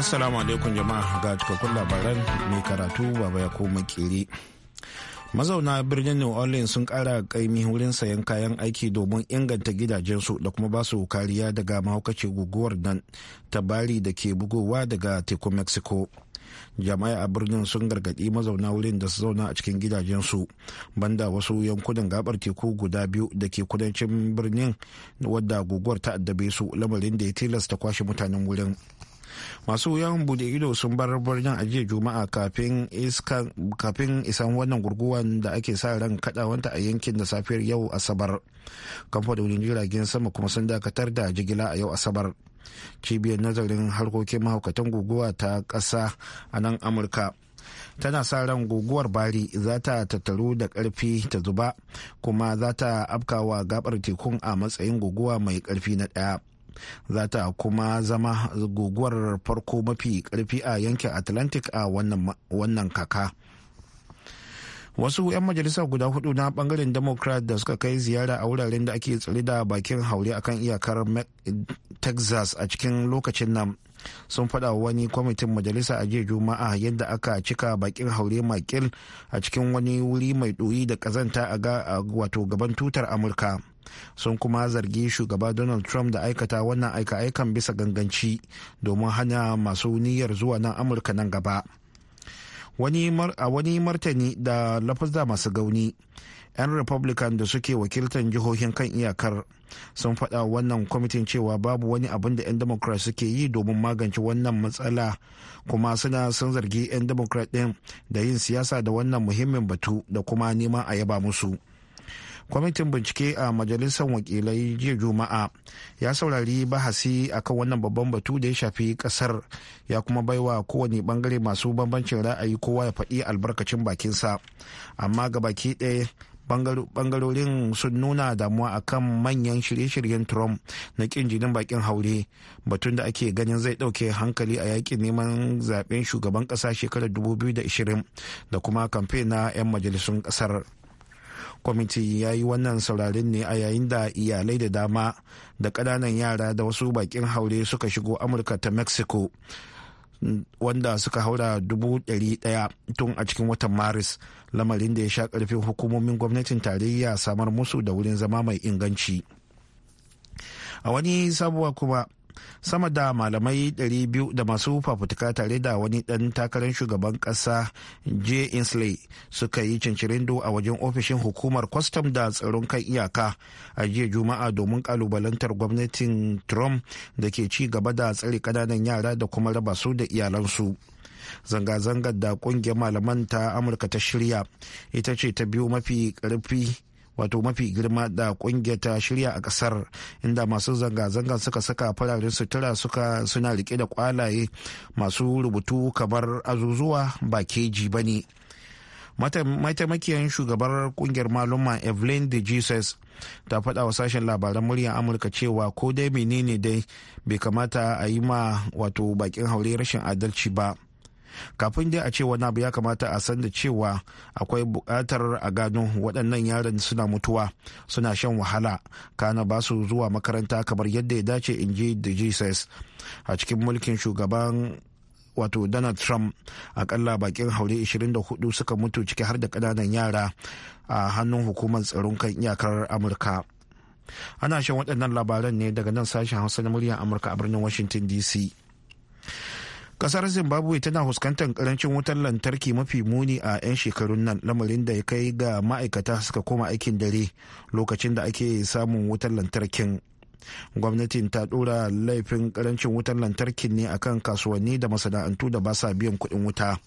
Assalamu alaikum jama'a ga cikakkun labaran mai karatu baba ya koma kere. Mazauna birnin New Orleans sun kara kaimi wurin sayan kayan aiki domin inganta gidajensu da kuma basu kariya daga mahaukaci guguwar nan ta bari da ke bugowa daga teku Mexico. jama'a a birnin sun gargadi mazauna wurin da su zauna a cikin gidajensu banda wasu yankunan gabar teku guda biyu da ke kudancin birnin wadda guguwar ta addabe su lamarin da ya tilasta kwashe mutanen wurin. masu yawon bude ido sun bar birnin a jiya juma'a kafin isan wannan gurguwan da ake sa ran kadawanta a yankin da safiyar yau asabar kamfanonin jiragen sama kuma sun dakatar da jigila a yau asabar cibiyar nazarin harkokin mahaukatan guguwa ta ƙasa a nan amurka tana sa ran guguwar bari za ta tattaru da ƙarfi ta zuba kuma za ta afkawa gabar tekun a matsayin guguwa mai ƙarfi na ɗaya za ta kuma zama guguwar farko mafi karfi a yankin atlantic a wannan kaka wasu 'yan majalisa guda hudu na bangaren democrat da suka kai ziyara a wuraren da ake tsare da bakin haure akan iyakar texas a cikin lokacin nan sun fada wani kwamitin majalisa a jiya juma'a yadda aka cika bakin haure makil a cikin wani wuri mai ɗoyi da ƙazanta a wato gaban tutar amurka sun kuma zargi shugaba donald trump da aikata wannan aika-aikan bisa ganganci domin hana masu niyyar zuwa nan amurka nan gaba a wani martani da lafazza masu gauni 'yan republican da suke wakiltar jihohin kan iyakar sun faɗa wannan kwamitin cewa babu wani abin da 'yan democrat suke yi domin magance wannan matsala kuma suna sun zargi 'yan democrat ɗin da yin siyasa da wannan muhimmin batu da kuma neman a yaba musu kwamitin bincike a majalisar wakilai jiya juma'a ya saurari bahasi akan wannan babban batu da ya shafi kasar ya kuma baiwa kowane bangare masu bambancin ra'ayi kowa ya faɗi albarkacin bakinsa amma ga baki ɗaya bangarorin sun nuna damuwa akan manyan shirye-shiryen trump na kin jinin bakin haure batun da ake ganin zai ɗauke hankali a yakin neman zaɓen shugaban ƙasa shekarar 2020 da kuma kamfe na 'yan majalisun ƙasar. kwamiti ya yi wannan sauraren ne a yayin da iyalai da dama da ƙananan yara da wasu bakin haure suka shigo amurka ta mexico wanda suka haura dubu ɗari ɗaya tun a cikin watan maris lamarin da ya sha ƙarfin hukumomin gwamnatin tarayya samar musu da wurin zama mai inganci a wani sabuwa kuma sama da malamai 200 da masu fafutuka tare da wani ɗan takarar shugaban ƙasa j inslee suka yi cincirindo a wajen ofishin hukumar kwastam da tsaron kan iyaka a jiya juma'a domin kalubalantar gwamnatin trump da ke ci gaba da tsare kananan yara da kuma raba su da iyalansu zanga-zangar da kungiyar malaman ta amurka ta shirya ita ce ta biyu mafi karfi wato mafi girma da kungiyar ta shirya a kasar inda masu zanga-zanga suka saka fararen sutura suka suna rike da kwalaye masu rubutu kamar azuzuwa ba keji ba ne mataimakiyar shugabar kungiyar maluma evelyn de jesus ta faɗa wa sashen labaran muryar amurka cewa ko dai menene dai bai kamata a yi ma wato bakin haure rashin adalci ba kafin dai a ce wani abu ya kamata a san da cewa akwai buƙatar a gano waɗannan yaran suna mutuwa suna shan wahala kana ba su zuwa makaranta kamar yadda ya dace in ji da jesus a cikin mulkin shugaban wato donald trump akalla bakin haure 24 suka mutu ciki har da kananan yara a hannun hukumar tsaron kan iyakar amurka ana shan waɗannan labaran ne daga nan sashen hausa na muryar amurka a birnin washington dc kasar zimbabwe tana fuskantar karancin wutar lantarki mafi muni a 'yan shekarun nan lamarin da ya kai ga ma'aikata suka koma aikin dare lokacin da ake samun wutar lantarkin gwamnatin ta dora laifin karancin wutar lantarki ne akan kasuwanni da masana'antu da ba sa biyan kuɗin wuta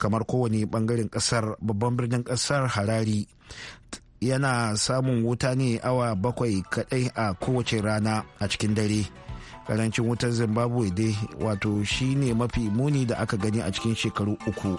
kamar kowane bangaren kasar babban birnin kasar harari yana samun wuta ne awa bakwai kadai a kowace rana a cikin dare karancin wutar zimbabwe dai wato shine mafi muni da aka gani a cikin shekaru uku.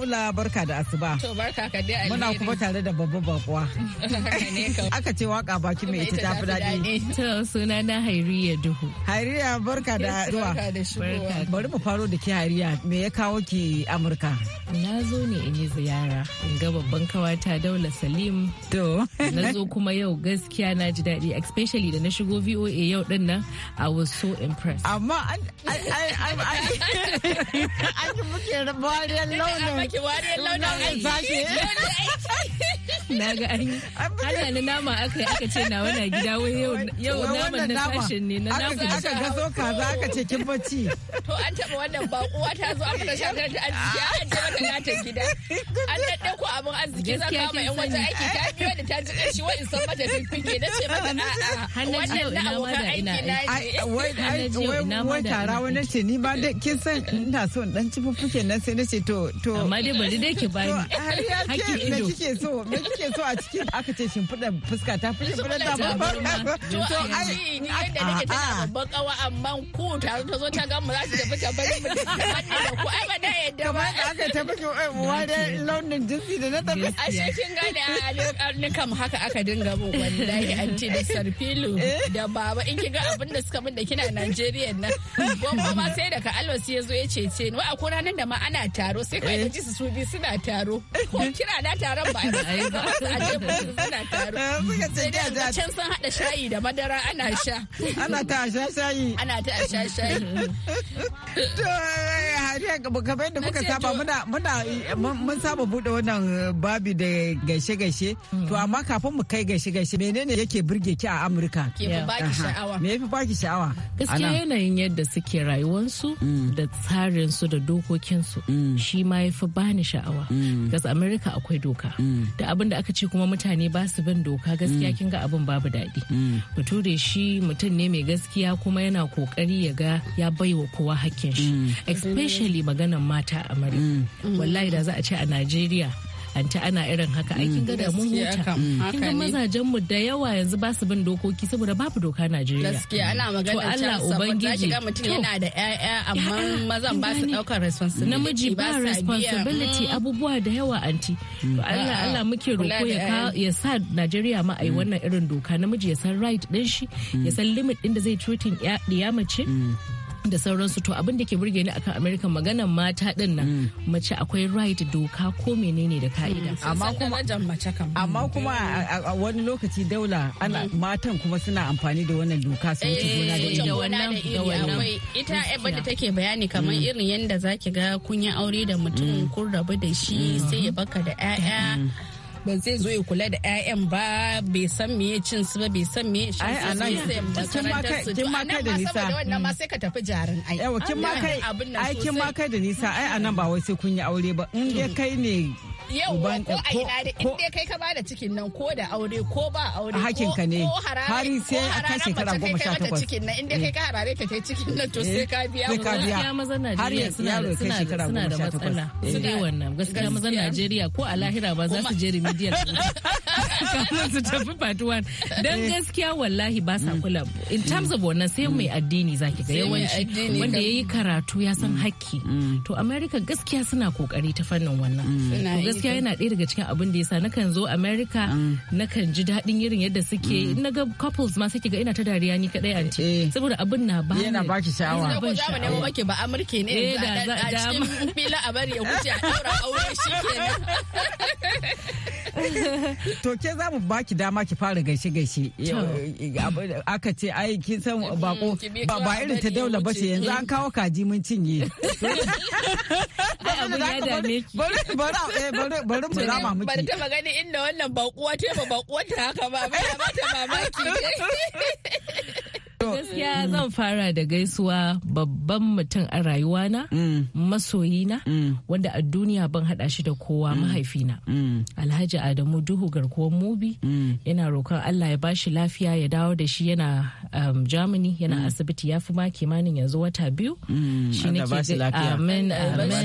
Daula barka da asuba. To barka ka dai Muna kuma tare da babban bakuwa. Aka ce waka baki mai ita tafi daɗi. To suna na Hairiya Duhu. Hairiya barka da zuwa. Barka da Bari mu faro da ke Hairiya me ya kawo ki Amurka? na zo ne in yi ziyara in ga babban kawata daula salim to na zo kuma yau gaskiya na ji daɗi especially da na shigo voa yau din nan i was so impressed amma an an an launin an aiki na ga an hana na nama aka aka ce na wana gida wai yau naman na fashin ne na nama aka ga ka za aka ce kin bacci to an taba wannan bakuwa ta zo aka tashi ta arziki an je ta ah. gatan gida an dadde ko abun arziki zan kama yan wata aiki ta biyo da ta ji kashi wai san mata ke na ce mata a'a wannan ina ma aiki na wai wai tara wani ce ni ba dai kin san ina so dan ci fifike nan sai na ce to to amma dai bari dai ki bani hakki ido me kike so me kake so a cikin aka ce shimfiɗa fuska ta fi shimfiɗa ta babbar to ai ni yadda nake tana babban kawa amma ku tare ta zo ta ga mu za su tafi ta bari ku ai ba da yadda ba kamar aka tafi ki uwa eh, da launin jinsi da na tafi a shi kin gane a kam haka aka dinga mu wallahi anti da sarfilu eh? da baba in kiga abin da suka min da kina Najeriya nan gwamma ma sai daga alwasi ya zo ya cece ni wa a ranar da ma ana taro sai kai eh? ji su su bi suna taro ko kira na taron ba a suka ce da da can sun hada shayi da madara ana sha ana ta sha shayi ana ta sha shayi to eh, kamar yadda muka saba mun saba bude wannan uh, babi da gaishe-gaishe mm. to amma kafin mu kai gaishe-gaishe menene yake burge ki a Amurka me yafi baki sha'awa gaskiya yanayin yadda suke rayuwarsu mm. da tsarin da dokokinsu. su mm. shi ma yafi bani sha'awa gas Amurka akwai doka da abin da aka ce kuma mutane ba su bin doka gaskiya kin ga abin babu daɗi bature shi mutum ne mai gaskiya kuma yana kokari ya ga ya baiwa kowa hakkin shi especially maganan mata a mara mm. mm. wallahi da za a ce a najeriya ta ana irin haka aikin kin ga mm. mun huta kin ga mazajen mu da yawa yanzu ba su bin dokoki saboda babu doka Najeriya gaskiya ana magana Allah ubangiji ga mutum yana da ƴaƴa amma mazan ba su daukar responsibility namiji ba responsibility abubuwa da yawa anti to Allah Allah muke roko ya ya sa Najeriya ma ai wannan irin doka namiji ya san right din shi ya san limit din da zai treating ya mace da sauran su to abin da ke burge ni akan america maganan mata din nan mm. mace akwai right doka ko menene da ka'ida mm. amma kuma amma kuma a wani lokaci daula ana mm. matan kuma suna amfani da wannan doka su wuce eh, gona da wannan da wannan ita abin da take bayani kamar irin yadda zaki ga kun yi aure da mutum kun rabu da shi sai ya baka da 'ya'ya ba zai zo ya kula da 'ya'yan ba bai san me cin su ba bai san me shi ai anan kin ma kai kin ma kai da nisa wannan ma mm. sai ka tafi jarin ai yawa kin ma kai ai kin ma kai da nisa ai anan ba wai sai kun yi aure ba in dai mm. kai ne yau ko a ina da in dai kai ka bada cikin nan ko da aure ko ba aure ko ka ne har sai a kan shekara goma sha cikin nan in dai kai eh. ka harare ka kai cikin nan to eh, sai ka biya ka biya maza Najeriya suna da suna da suna da matsala eh. su dai wannan gaskiya mazan Najeriya ko a lahira ba za su je remedial kafin su tafi part 1 dan gaskiya wallahi ba sa mm. kula in terms of wannan sai mai mm. addini zaki ga yawanci wanda yayi karatu ya san mm. hakki to America gaskiya suna kokari ta fannin wannan gaskiya yana ɗaya daga cikin abin da yasa nakan zo America ah. nakan ji daɗin irin yadda suke mm. na ga couples ma suke ga ina ta dariya ni kadai a ce eh. saboda abin na ba yana ba ki sha'awa ko za mu ba amurke ne eh, da cikin fila a bari ya wuce a daura aure shi kenan to ke za mu baki dama ki fara gaishe gaishe aka ce ai kin san bako ba ba irin ta daula ba ce yanzu an kawo kaji mun cinye bari bari bari mu rama miki bari taba gani inda wannan bakuwa ce ba bakuwa ta haka ba ba ta mamaki Gaskiya mm. zan fara da gaisuwa babban mutum a rayuwana, mm. masoyina, mm. wanda a duniya ban hada shi da kowa mahaifina. Alhaji Adamu Duhu garkuwar Mubi, yana roƙon Allah ya bashi lafiya ya dawo da shi yana um, Germany yana asibiti ya fi ma kimanin yanzu wata biyu. Shi nake amen amen amen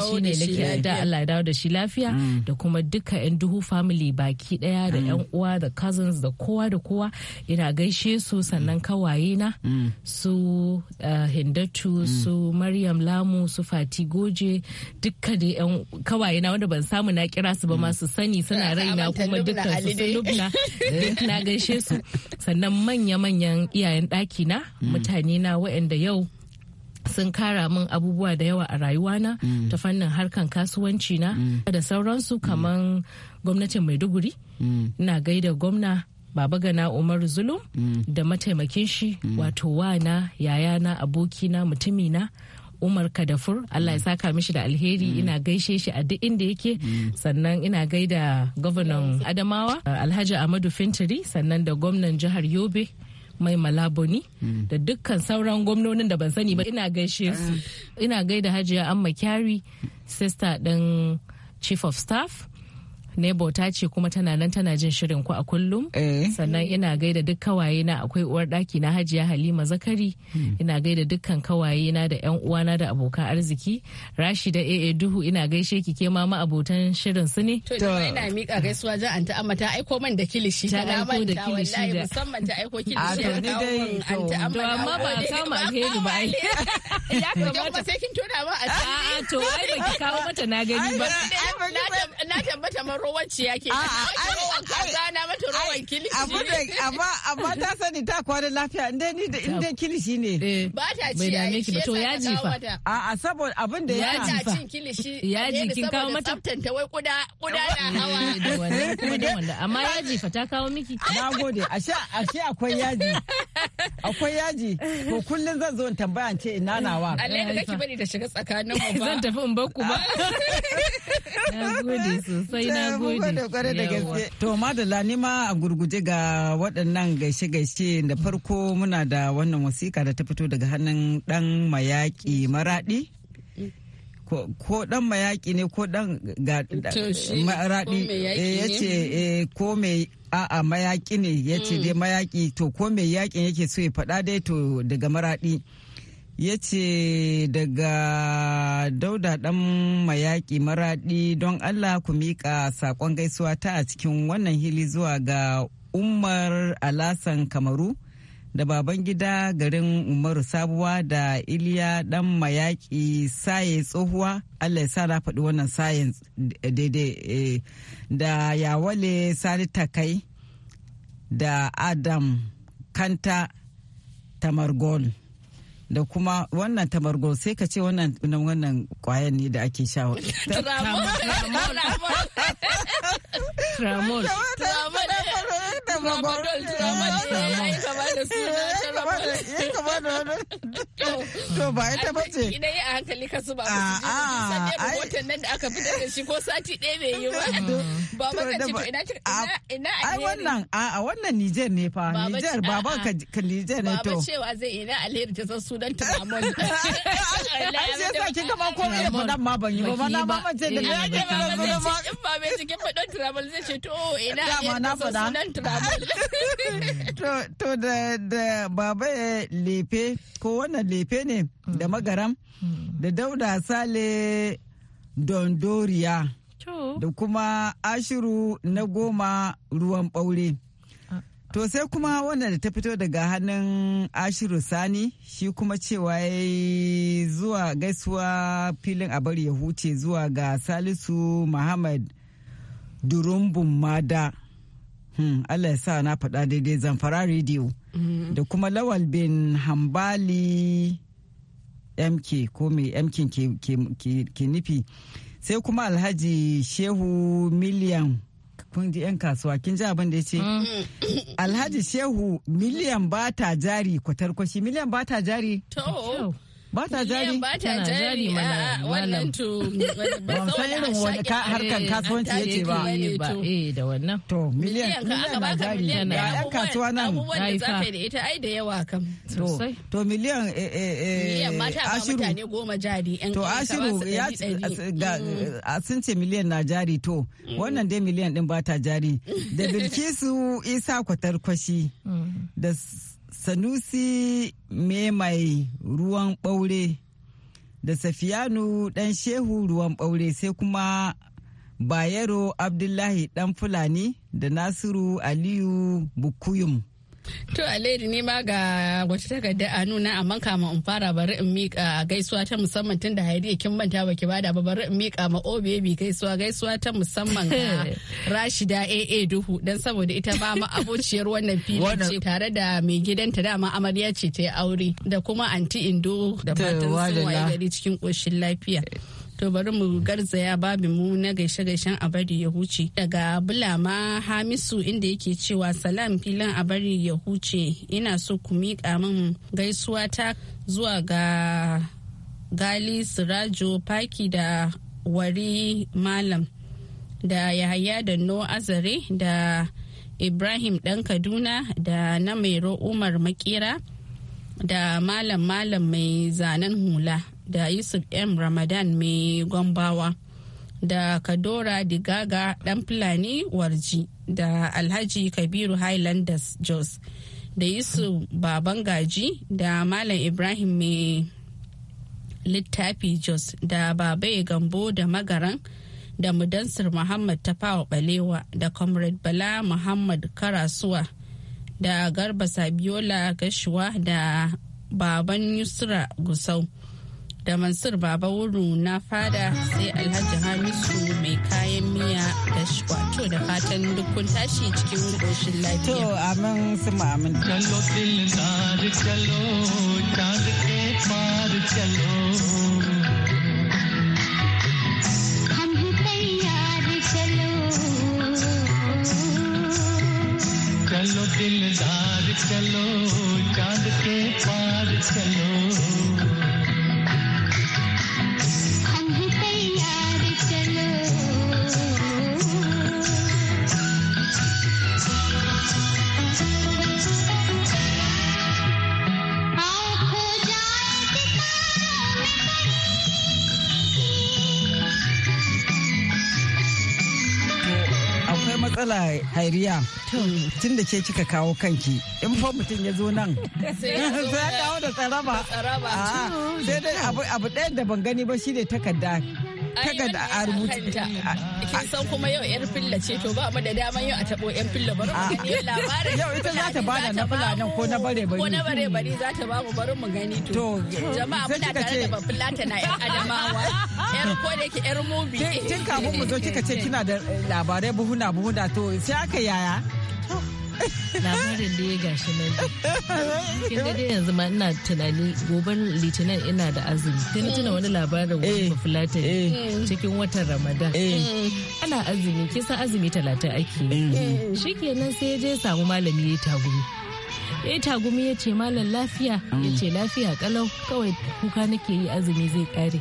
shi ne nake da Allah ya dawo da shi lafiya da kuma duka 'yan Duhu family baki ɗaya da 'yan uwa da cousins da kowa da kowa ina gaishe su sannan kawai kawaye na mm. su uh, hindatu mm. su maryam lamu su fati goje duka da yan kawaye na wanda ban samu na kira su ba mm. masu sani suna raina kuma duka su sun lubna eh. na gaishe su sannan manya-manyan iyayen ɗaki na mm. mutane na yau sun kara min abubuwa da yawa a rayuwana mm. ta fannin harkan kasuwanci na mm. da sauransu kamar gwamnatin maiduguri ina gaida gwamna baba gana umar zulum mm. da mataimakin shi mm. wato wana yayana abokina mutumina Umar Kadafur Allah ya mm. saka mishi da alheri mm. ina gaishe shi a duk inda yake mm. sannan ina gaida gwamnan Adamawa uh, Alhaji Ahmadu Fintiri sannan da gwamnan jihar Yobe mai malaboni da dukkan sauran gwamnonin da ban sani ba ina gaishe su ah. ina gaida Hajiya Amma Kyari sister din Chief of Staff nebo ta ce kuma tana nan tana jin shirin ku a kullum eh. sannan ina gaida duk kawaye na akwai uwar ɗaki na hajiya halima zakari hmm. ina gaida dukkan kawaye na da yan uwana da abokan arziki rashida aa duhu ina gaishe ki ke ma abotan shirin su ne to ina mika gaisuwa ja an ta amma ta aiko man da kilishi ta aiko da kilishi da musamman ta aiko kilishi da kawon an ta amma ba kama alheri ba ai ya kamata sai kin tona ba a to ai ki kawo mata na gani ba na tabbata rowan ciya ke rowan kaza na mata rowan kilishi amma amma ta sani ta kwana lafiya inda ni da inda kilishi ne eh, ba ta ci ya dame ki ba to yaji fa a a saboda abin da ya ji fa kilishi yaji kin kawo mata tantance wai kuda kuda na eh, hawa da wannan kuma da wanda amma yaji fa ta kawo miki nagode ashe ashe akwai yaji akwai yaji to kullun zan zo in tambaya ce ina nawa Allah da kake bari ta shiga tsakanin mu ba zan tafi in bar ku ba nagode sosai nagode gode. To madalla ni ma a gurguje ga waɗannan gaishe-gaishe da farko muna da wannan wasiƙa da ta fito daga hannun ɗan mayaƙi maraɗi. Ko ɗan mayaƙi ne ko ɗan maraɗi eh, ya ce eh, ko mai a'a mayaƙi ne ya ce mm. dai mayaƙi to ko mai yaƙin yake so ya faɗa dai to daga maraɗi. ya ce daga dauda dan mayaki maraɗi don allah ku miƙa sakon gaisuwa ta a cikin wannan hili zuwa ga umar alasan kamaru da baban gida garin umaru sabuwa da iliya dan mayaki saye tsohuwa allah ya sa na faɗi wannan sayen daidai eh, da yawale sani takai da adam kanta tamargol da kuma wannan tamargo sai ka ce wannan wannan kwayan ne da ake sha tramol tramol tramadol tramadol da suna to ba ita ba ce idan ya hankali ka zuba jini nan da aka fitar da shi ko sati ɗaya bai yi ba ba ka ce to ina ina ai wannan a wannan Niger ne fa Niger baban ka Niger ne to ba cewa zai ina alheri ta san sunan tramadol ai sai sa kin ga ma komai da fadan ma ban yi ba ma na ma da ya ke ba ba cikin fadan zai ce to ina alheri ta san To da baba eh, lefe ko wannan lefe ne da magaram da dauda sale dondoriya da kuma ashiru na goma ruwan ɓaure. Ah. To sai kuma wannan da ta fito daga hannun Ashiru Sani shi kuma cewa ya zuwa gaisuwa filin a bari ya huce zuwa ga Salisu Muhammad Durumbun Mada Hmm, Allah ya sa na faɗa daidai zamfara rediyo mm-hmm. da kuma lawal bin hambali mk ko mai mk ke nufi sai kuma alhaji shehu miliyan kun 'yan kasuwa kin ji abin da ya ce mm-hmm. alhaji shehu miliyan bata jari kwatarkwashi miliyan bata jari ba ta jari ba ta jari mana wannan to ba san irin wani ka harkan eh, kasuwanci yake eh, ba eh da wannan to miliyan ka aka baka miliyan na yan kasuwa nan ai fa da ita ai da yawa kam to to miliyan eh eh eh ashiru mutane goma jari to ashiru ya mm. sun ce miliyan na jari to mm. wannan dai miliyan din ba ta jari da bilkisu isa kwatar kwashi mm. da sanusi me mai ruwan ɓaure da safiyanu ɗan shehu ruwan ɓaure sai kuma bayero abdullahi ɗan fulani da nasiru aliyu bukuyum To alheri ne ma ga wata takarda a nuna amma kama in fara bari in mika gaisuwa ta musamman tun da Haidi kin manta baki bada ba bari in mika ma O baby gaisuwa gaisuwa ta musamman ga Rashida AA Duhu dan saboda ita ba ma abociyar wannan filin ce tare da mai gidanta dama amarya ce ta yi aure da kuma anti Indo da fatan sun waye gari cikin koshin lafiya. To bari mu garzaya babin mu na gaishe-gaishen a bari ya huce. Daga Bulama Hamisu inda yake cewa salam filin a bari ya huce ina so ku miƙa min gaisuwa ta zuwa ga Gali Sirajo paki da Wari Malam da Yahaya da No Azare da Ibrahim dan Kaduna da na Umar Makera da Malam Malam mai zanen hula. da yusuf m ramadan mai gombawa da kadora digaga dan fulani warji da alhaji kabiru highlanders jos da yusuf baban gaji da malam ibrahim mai littafi jos da babai gambo da magaran da mudansir muhammad tafawa balewa da comrade bala muhammad karasuwa da garba sabiola gashuwa da baban yusra gusau da mansur baba wuru na fada sai alhaji hamisu mai kayan miya da wato da fatan duk tashi cikin ƙoshin lafiya. To amin su amin. Chalo tilnar chalo chand ke paar chalo. चलो दिलदार चलो चांद के पार चलो diarrhea tun da ke kika kawo kanki in fa mutum ya zo nan sai ya kawo da tsaraba ah, sai dai abu ɗaya da ban gani ba shi ne takarda da a rubuta. Ah, ah. Kin san kuma yau yar filla ce to ba mu da dama yau a tabo yan filla bari mu ah. gani labarin. Yau ita za ta bada na nan ko na bare bari. Ko na bare bari za ta ba mu bari mu gani to. Jama'a muna tare da babban ta na yan adamawa. Yar ko da ke yar mobi. Tun kafin mu zo kika ce kina da labarai buhuna buhuna to sai aka yaya. labarin da ya gashi nan kin da dai yanzu ma ina tunani goben litinin ina da azumi sai tuna wani labarin wani eh, bafulata eh. cikin watan ramadan eh. ana azumi kisa azumi talatin ake shikenan sai ya je samu malami ya tagumi eh tagumi ya ce malam lafiya ya ce lafiya kalau kawai kuka nake yi azumi zai kare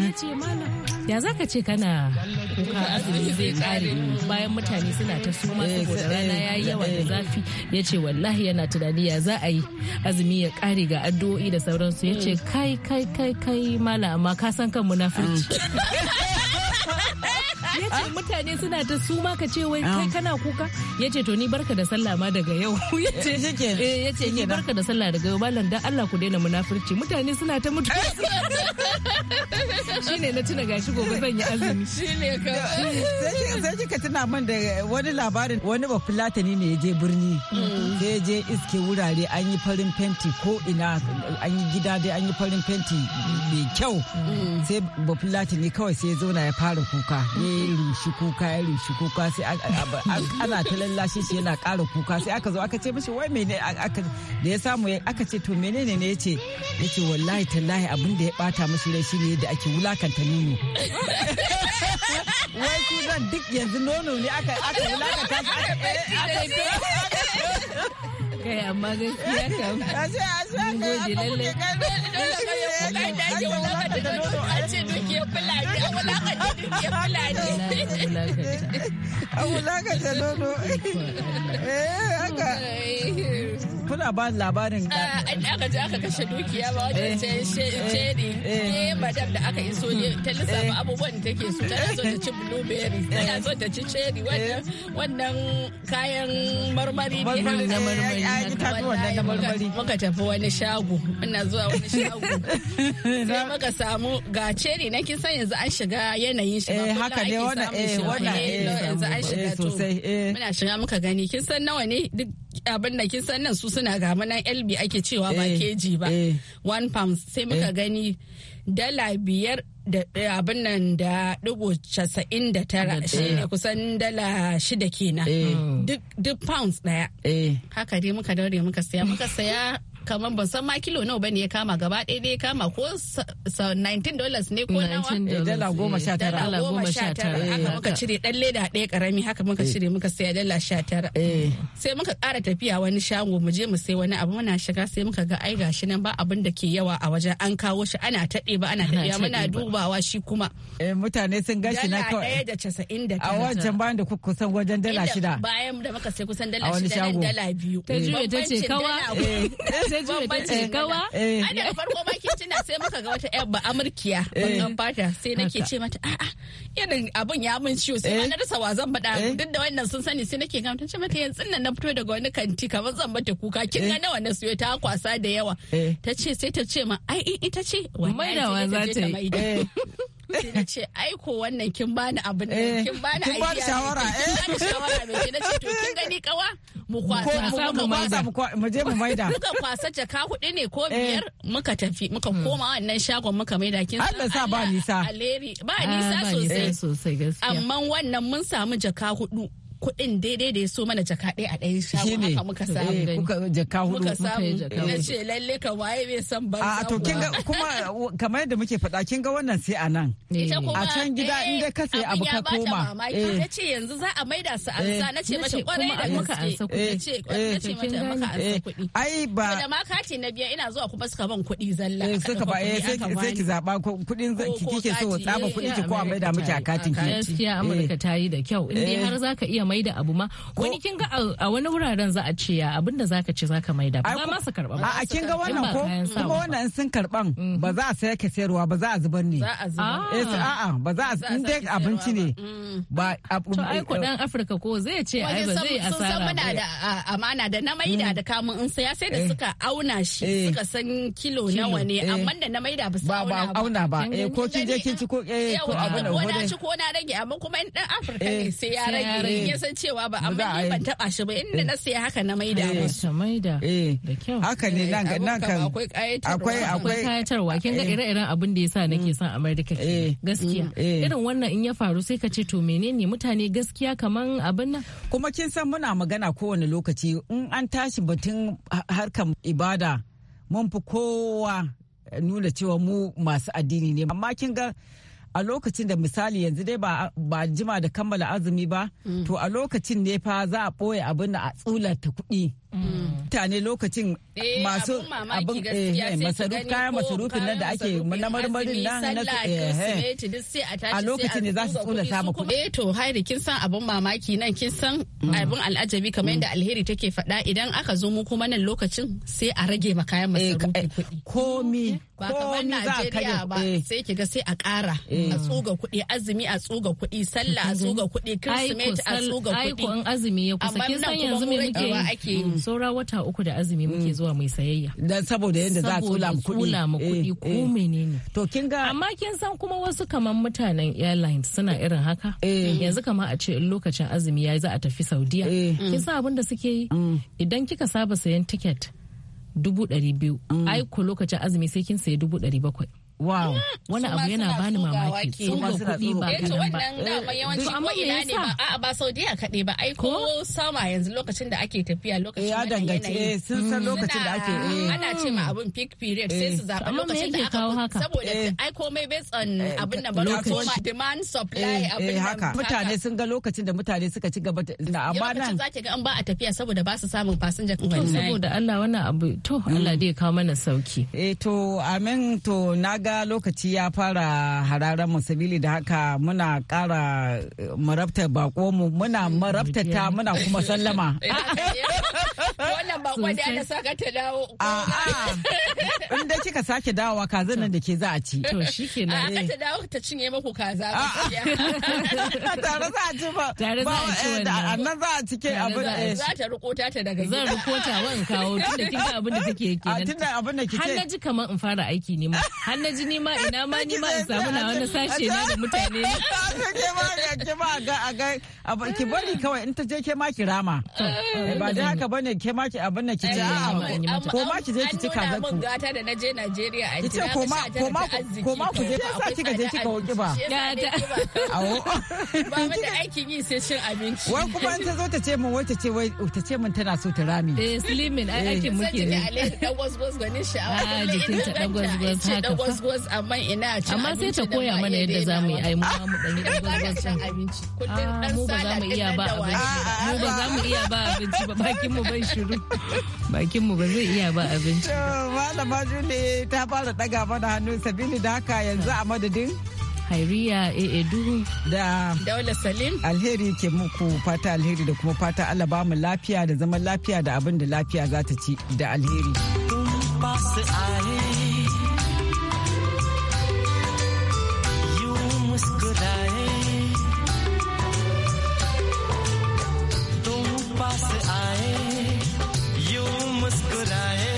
ya ce malam ya zaka ce kana kuka azumi zai kare bayan mutane suna ta suma eh, saboda rana ya yi yawa da eh. zafi ya ce wallahi yana tunani ya za a yi azumi ya kare ga addu'o'i da sauransu ya ce kai kai kai kai malam amma ka san kan munafurci ya ce mutane suna ta su ma ka ce wai kai ah. kana kuka ya ce to ni barka da sallah ma daga yau eh, eh, ya ce ni barka da sallah daga yau malam dan Allah ku daina munafurci mutane suna ta mutu eh. shine na tuna gashi gobe zan yi azumi shine ka sai kika tuna man da wani labarin wani bafulatani ne ya je birni mm. sai ya je iske wurare an yi farin fenti ko ina an yi gida dai an yi farin fenti mai kyau mm. sai bafulatani kawai sai ya zauna ya fara kuka mm. rishi kuka ya rishi kuka sai ana ta lallashi shi yana ƙara kuka sai aka zo aka ce mishi wai mene da ya samu aka ce to menene ne ce? ya ce wallahi tallahi abin da ya bata mishi rai ne yadda ake wulakanta nono wai ku zan duk yanzu nono ne aka wulakanta shi aka kai amma gaskiya kam mun lallai dukiyar fulani an wulakanta dukiyar fulani an wulakanta nono eh haka kuna ba labarin an aka ji aka kashe dukiya ba wajen sheri eh, eh, ne eh. madam da aka iso ne ta lissafa abubuwan da take so tana so ta ci blueberry tana so ta ci cherry wannan kayan marmari ne na marmari muka tafi wani shago ina zuwa wani shago sai muka samu ga cherry na kin san yanzu an shiga yanayin shiga. Eh haka dai wannan eh wannan eh, eh yanzu an eh, shiga sosai eh. Muna shiga muka gani kin san nawa ne duk abin da kin san nan su suna ga nan LB ake cewa ba eh, keji ba. One pound sai muka gani dala biyar da abin nan da dubu casa'in da tara shi ne kusan dala shida kenan duk pounds daya haka dai muka daure muka saya muka saya kamar ban san ma kilo nawa bane ya kama gaba ɗaya ya kama ko 19 dollars ne ko nawa eh, eh, dala goma sha tara dala goma sha tara haka eh. muka cire dan leda ɗaya karami haka muka cire muka saya dala sha tara sai muka ƙara tafiya wani shago mu je mu sai wani abu muna shiga sai muka ga ai gashi nan ba abin da ke yawa a wajen an kawo shi ana taɗe ba ana taɗe muna dubawa shi kuma mutane sun gashi na kawai da casa'in da a wancan bayan da kusan wajen dala shida bayan da muka sai kusan dala shida dala biyu ta juya ta ce kawa sai jure ta ce gawa eh. ai daga farko ma kin tuna sai muka ga wata yar ba amurkiya bangan eh. fata sai nake ce mata a'a irin abun ya mun ciwo sai ma eh. na rasa wa zan bada duk da wannan sun sani sai nake gamta ce mata yanzu nan na fito daga wani kanti kamar zan mata kuka kin ga nawa na siyo ta kwasa da yawa ta ce sai ta ce ma ai in ita ce wannan da wa ta maida. sai na ce aiko wannan kin bani abin da eh, kin bani kin bani shawara eh kin bani eh. shawara me ce nace to kin gani kawa mu kwasa mu mu je mu maida muka kwasa jaka hudu ne ko eh. biyar muka tafi muka hmm. koma wannan shagon muka maida kin Allah sa ba ah, nisa ba nisa sosai sosai gaskiya amma wannan mun samu jaka hudu kuɗin daidai da ya so mana jaka ɗaya a ɗaya shago haka muka samu gani eh, jaka hudu muka samu na ce lalle ka waye bai san ban a to kin ga kuma kamar yadda muke faɗa kin ga wannan sai a nan eh, a can gida eh, in dai ka sai abu ka koma na ce yanzu za a maida su ansa na ce mace kwarai da muka ansa kuɗi na ce mata muka ansa kuɗi ai ba da ma kati na biya ina zuwa kuma suka ban kuɗi zalla suka ba eh sai ki zaba kuɗin kike so tsaba kuɗi ki ko a maida miki a katin ki gaskiya Amurka ta yi da kyau in dai har zaka iya maida abu ma wani kin ga a wani wuraren za a ce ya da zaka ce zaka maida ba za ma su karba ba a kin ga wannan ko kuma wannan sun karban mm-hmm. ba za a saya ka sayarwa ba za a zubar ne za a zubar eh, ah. a'a ba za a in dai abinci ne ba mm. to ai ko dan eh, Afirka ko zai ce ai ba zai asara sun muna da amana da na maida mm. da kamun in saya sai da eh. suka auna shi suka san kilo nawa ne amma da na maida ba su auna ba ko kin je kin ci ko eh ko abin da ko na ci ko na rage amma kuma in dan Afirka ne sai ya rage san cewa ba amma ni ban taba shi ba inda eh. na sai haka na maida eh, musu maida eh, da kyau haka ne nan nan kan akwai akwai akwai kayatarwa kin ga ire-iren abin da yasa nake mm. son America gaskiya mm. irin wannan in ya faru sai ka ce to menene mutane gaskiya kaman abin nan kuma kin san muna magana kowane lokaci in an tashi batun harkar ibada mun fi kowa nuna cewa mu masu addini ne amma kin ga a lokacin da misali yanzu dai ba jima da kammala azumi ba mm. to a lokacin ne fa za a ɓoye abin da a tsulata kuɗi mm. mutane lokacin eh, masu abin eh, masaruf kayan masarufin nan da ake na marmarin nan na eh, a lokacin ne za su tsulata ma kuɗi to hairi kin san abin mamaki nan kin san mm. abin al'ajabi kamar yadda alheri take faɗa idan aka zo mu kuma nan lokacin sai a rage ma kayan masarufi kuɗi komi ba kamar Najeriya ba eh. sai ki ga sai a ƙara a eh. tsuga kuɗi azumi a tsuga kuɗi sallah a tsuga kuɗi kirsimeti a tsuga kuɗi aiko in azumi ya kusa kin san yanzu me muke mm. saura wata uku da azumi muke mm. zuwa mai sayayya dan saboda yanda za a tsula mu kuɗi tsula mu eh, kuɗi ko menene to kin ga amma kin san kuma wasu kaman mutanen airlines suna irin haka mm. yanzu kamar a ce in lokacin azumi yayi za a tafi Saudiya kin san abin da suke yi idan kika saba sayan ticket dubu ɗari biyu mm. ai ku lokacin azumi sai kin sayi dubu ɗari bakwai Wow, mm, wani abu yana bani mamaki. Sun ba kuɗi ba eh, kaɗan ba. Eh, to ko ina ne ba a'a ba Saudiya kaɗai ba ai ko sama yanzu lokacin da ake tafiya lokacin da dangace eh sun san mm. lokacin da ake eh ana ce ma abun peak period sai su eh. zaba lokacin da aka haka saboda ai komai based on abin nan ba lokacin demand supply abin haka mutane sun ga lokacin da mutane suka ci gaba da amma nan zaki ga an ba a tafiya saboda ba su samun passenger wallahi saboda Allah wannan abu to Allah mm. dai ya kawo mana sauki eh to amen to na ga lokaci ya fara hararen musabili da haka muna kara eh, marabta mu muna marabtata muna kuma sallama. Wannan bako da ana saka ta dawo. A'a. Inda kika sake dawowa kazan nan da ke za a ci. To shi ke na ne. Eh. ta dawo ta cinye maku kaza. Tare za a ci ba. Tare za a ci eh, wannan. Nan za a cike abin. Za ta rukota ta daga gida. Zan rukota wa in kawo tunda kin ga abin da ta. kenan. Tunda abin da kike. Har ji kamar in fara aiki ne ma. Har ji nima ina ma nima in samu na wani sashe na da mutane na. Ke ma ke ma ga a ga ki bari kawai in ta je ke ma ki rama. Ba da haka bane ke ma ki abin nan ki ma. ko ma ki je ki ci kaza ku. ita da na je a jira ko ko ma ko ma ku kika je ka kiba. Ba in ta zo ta ce min wai ta ce oh, ta ce min tana so ta rami. Eh ai aikin eh. muke ta dan ah, ta dan haka. gos amma ina ci amma sai ta koya mana yadda za mu yi ai mu mu dan yi gwaggwancin abinci kullun ah, mu ba za mu iya ba abinci mu ba za mu iya ba abinci ba bakin mu ban shiru bakin mu ba zai iya ba abinci malama jule ta fara daga mana hannu sabili da haka yanzu a madadin Hairiya Eedu da Daula Salim. Alheri ke muku fata alheri da kuma fata Allah ba mu lafiya da zaman lafiya da abin da lafiya za ta ci da alheri. पास आए यू मुस्कुराए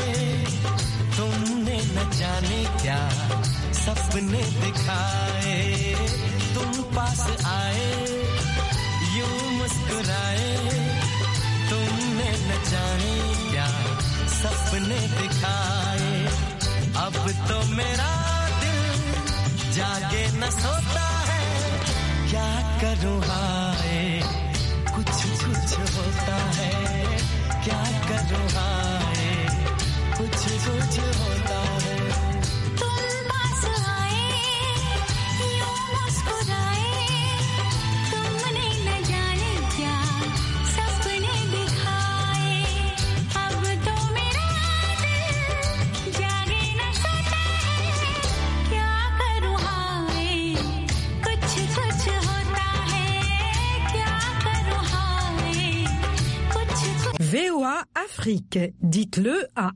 तुमने न जाने क्या सपने दिखाए तुम पास आए यू मुस्कुराए तुमने न जाने क्या सपने दिखाए अब तो मेरा दिल जागे न सोता है क्या करूँ हाय कुछ होता है क्या करूँ हाँ Dites-le à